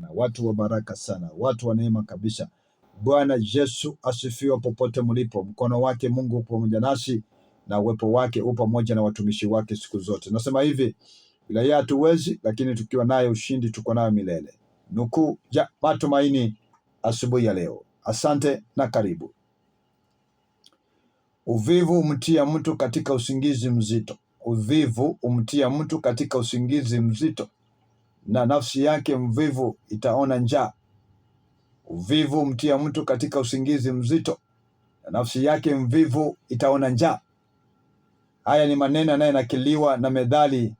sana, watu wa baraka sana, watu wa neema kabisa. Bwana Yesu asifiwe popote mlipo. Mkono wake Mungu pamoja nasi na uwepo wake upo pamoja na watumishi wake siku zote. Nasema hivi, bila yeye hatuwezi, lakini tukiwa naye ushindi tuko nayo milele. Nukuu ya matumaini asubuhi ya leo. Asante na karibu. Uvivu umtia mtu katika usingizi mzito. Uvivu umtia mtu katika usingizi mzito, na nafsi yake mvivu itaona njaa. Uvivu mtia mtu katika usingizi mzito, na nafsi yake mvivu itaona njaa. Haya ni maneno yanayonakiliwa na Methali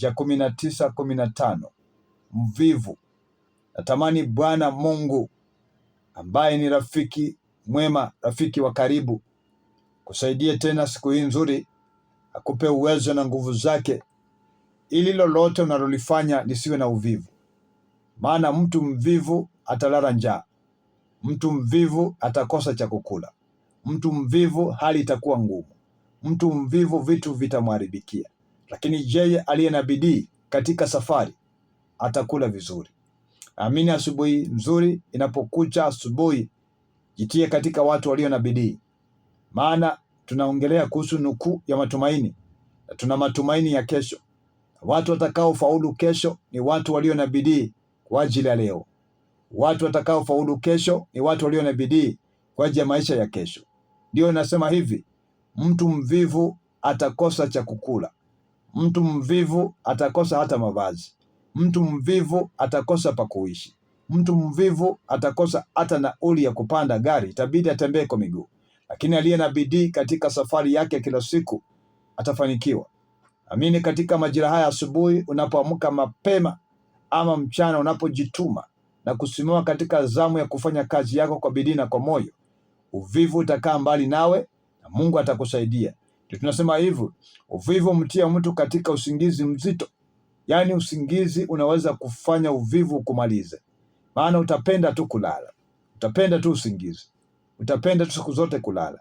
ya kumi na tisa kumi na tano. Mvivu, natamani Bwana Mungu ambaye ni rafiki mwema, rafiki wa karibu, kusaidie tena siku hii nzuri, akupe uwezo na nguvu zake ili lolote unalolifanya lisiwe na uvivu, maana mtu mvivu atalala njaa, mtu mvivu atakosa cha kukula, mtu mvivu hali itakuwa ngumu, mtu mvivu vitu vitamwharibikia. Lakini yeye aliye na bidii katika safari atakula vizuri. Amini, asubuhi nzuri inapokucha, asubuhi jitie katika watu walio na bidii, maana tunaongelea kuhusu nukuu ya matumaini na tuna matumaini ya kesho. Watu watakaofaulu kesho ni watu walio na bidii kwa ajili ya leo. Watu watakaofaulu kesho ni watu walio na bidii kwa ajili ya maisha ya kesho. Ndiyo nasema hivi, mtu mvivu atakosa cha kukula, mtu mvivu atakosa hata mavazi, mtu mvivu atakosa pa kuishi, mtu mvivu atakosa hata nauli ya kupanda gari, itabidi atembee kwa miguu. Lakini aliye na bidii katika safari yake kila siku atafanikiwa. Amini katika majira haya, asubuhi unapoamka mapema ama mchana unapojituma na kusimama katika zamu ya kufanya kazi yako kwa bidii na kwa moyo, uvivu utakaa mbali nawe na Mungu atakusaidia. Ndio tunasema hivyo, uvivu mtia mtu katika usingizi mzito, yaani usingizi unaweza kufanya uvivu ukumalize, maana utapenda tu kulala, utapenda tu usingizi, utapenda tu siku zote kulala.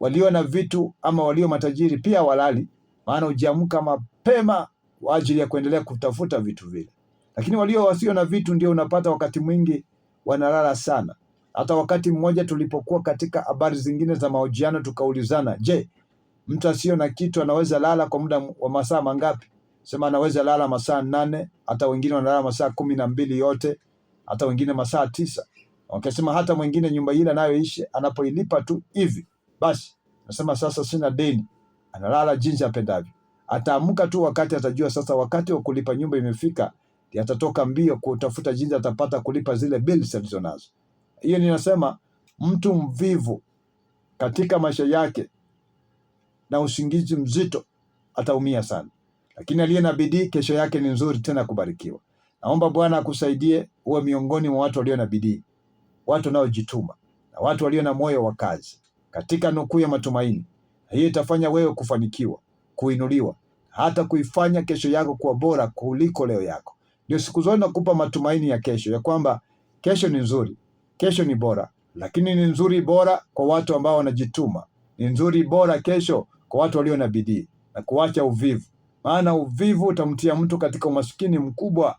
Walio na vitu ama walio matajiri pia walali, maana hujiamka mapema kwa ajili ya kuendelea kutafuta vitu vile. Lakini walio wasio na vitu ndio unapata wakati mwingi wanalala sana. Hata wakati mmoja tulipokuwa katika habari zingine za mahojiano tukaulizana, je, mtu asiyo na kitu anaweza lala kwa muda wa masaa mangapi? Sema anaweza lala masaa nane, hata wengine wanalala masaa kumi na mbili yote, hata wengine masaa tisa. Wakasema hata mwingine nyumba ile anayoishi anapoilipa tu hivi basi, nasema sasa sina deni, Analala jinsi apendavyo, ataamka tu wakati atajua sasa wakati wa kulipa nyumba imefika. Atatoka mbio kutafuta jinsi atapata kulipa zile bills alizonazo. Hiyo ninasema mtu mvivu katika maisha yake na usingizi mzito ataumia sana, lakini aliye na bidii, kesho yake ni nzuri tena kubarikiwa. Naomba Bwana akusaidie uwe miongoni mwa watu walio na bidii, watu wanaojituma na watu walio na moyo wa kazi katika nukuu ya matumaini. Hiyo itafanya wewe kufanikiwa, kuinuliwa, hata kuifanya kesho yako kuwa bora kuliko leo yako. Ndio siku zote nakupa matumaini ya kesho, ya kwamba kesho ni nzuri, kesho ni bora, lakini ni nzuri bora kwa watu ambao wanajituma, ni nzuri bora kesho kwa watu walio na bidii na kuacha uvivu. Maana uvivu utamtia mtu katika umaskini mkubwa,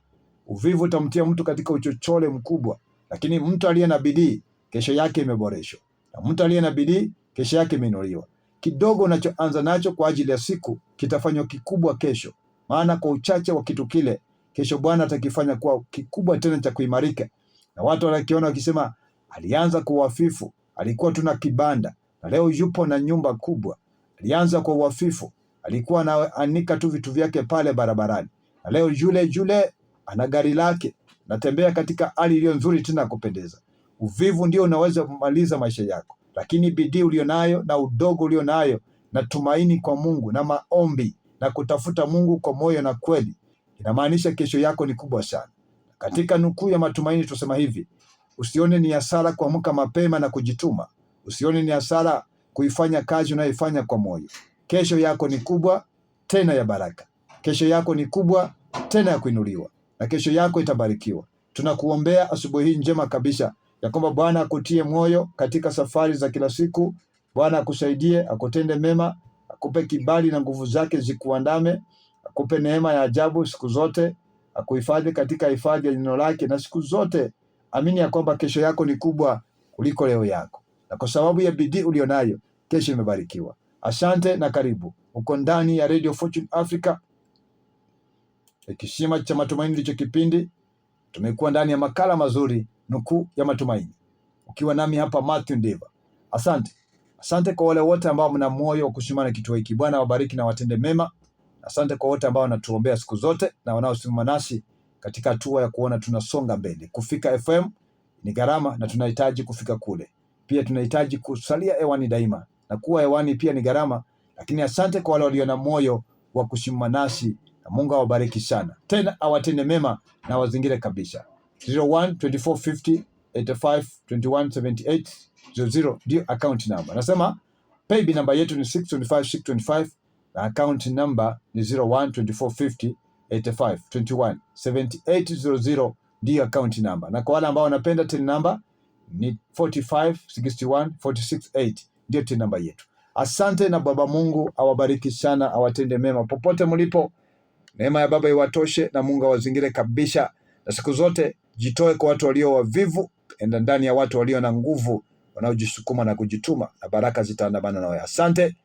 uvivu utamtia mtu katika uchochole mkubwa, lakini mtu aliye na bidii kesho yake imeboreshwa, na mtu aliye na bidii kesho yake imeinuliwa. Kidogo unachoanza nacho kwa ajili ya siku kitafanywa kikubwa kesho, maana kwa uchache wa kitu kile kesho Bwana atakifanya kuwa kikubwa tena cha kuimarika, na watu wanakiona wakisema, alianza kwa uhafifu, alikuwa tuna kibanda na leo yupo na nyumba kubwa. Alianza kwa uhafifu, alikuwa anaanika tu vitu vyake pale barabarani, na leo yule yule ana gari lake, natembea katika hali iliyo nzuri tena kupendeza. Uvivu ndio unaweza kumaliza maisha yako lakini bidii ulionayo na udogo ulionayo na tumaini kwa Mungu na maombi na kutafuta Mungu kwa moyo na kweli, inamaanisha kesho yako ni kubwa sana. Katika nukuu ya matumaini tusema hivi: usione ni hasara kuamka mapema na kujituma, usione ni hasara kuifanya kazi unayoifanya kwa moyo. Kesho yako ni kubwa tena ya baraka, kesho yako ni kubwa tena ya kuinuliwa, na kesho yako itabarikiwa. Tunakuombea asubuhi hii njema kabisa ya kwamba Bwana akutie moyo katika safari za kila siku. Bwana akusaidie, akutende mema, akupe kibali na nguvu zake zikuandame, akupe neema ya ajabu siku zote, akuhifadhi katika hifadhi ya neno lake, na siku zote amini ya kwamba kesho yako ni kubwa kuliko leo yako, na kwa sababu ya bidii ulionayo kesho imebarikiwa. Asante na karibu, uko ndani ya Radio Fortune Africa, kisima cha matumaini. Ndicho kipindi tumekuwa ndani ya makala mazuri Nukuu ya matumaini, ukiwa nami hapa Mathew Ndeva. Asante, asante kwa wale wote ambao mna moyo wa kusimama na kituo hiki. Bwana wabariki na watende mema. Asante kwa wote ambao wanatuombea siku zote na wanaosimama nasi katika hatua ya kuona tunasonga mbele. Kufika FM ni gharama na tunahitaji kufika kule pia, tunahitaji kusalia hewani daima na kuwa hewani pia ni gharama, lakini asante kwa wale walio na moyo wa kusimama nasi, na Mungu awabariki sana, tena awatende mema na wazingire kabisa. 01 85 ndio account number. Nasema paybill namba yetu ni 625625 na account number ni 01 ndio account number. Na kwa wale ambao wanapenda TIN number ni 4561468 ndio TIN number yetu. Asante na Baba Mungu awabariki sana, awatende mema popote mlipo. Neema ya Baba iwatoshe na Mungu awazingire kabisa na siku zote Jitoe kwa watu walio wavivu, enda ndani ya watu walio na nguvu, wanaojisukuma na kujituma, na baraka zitaandamana nawe. Asante.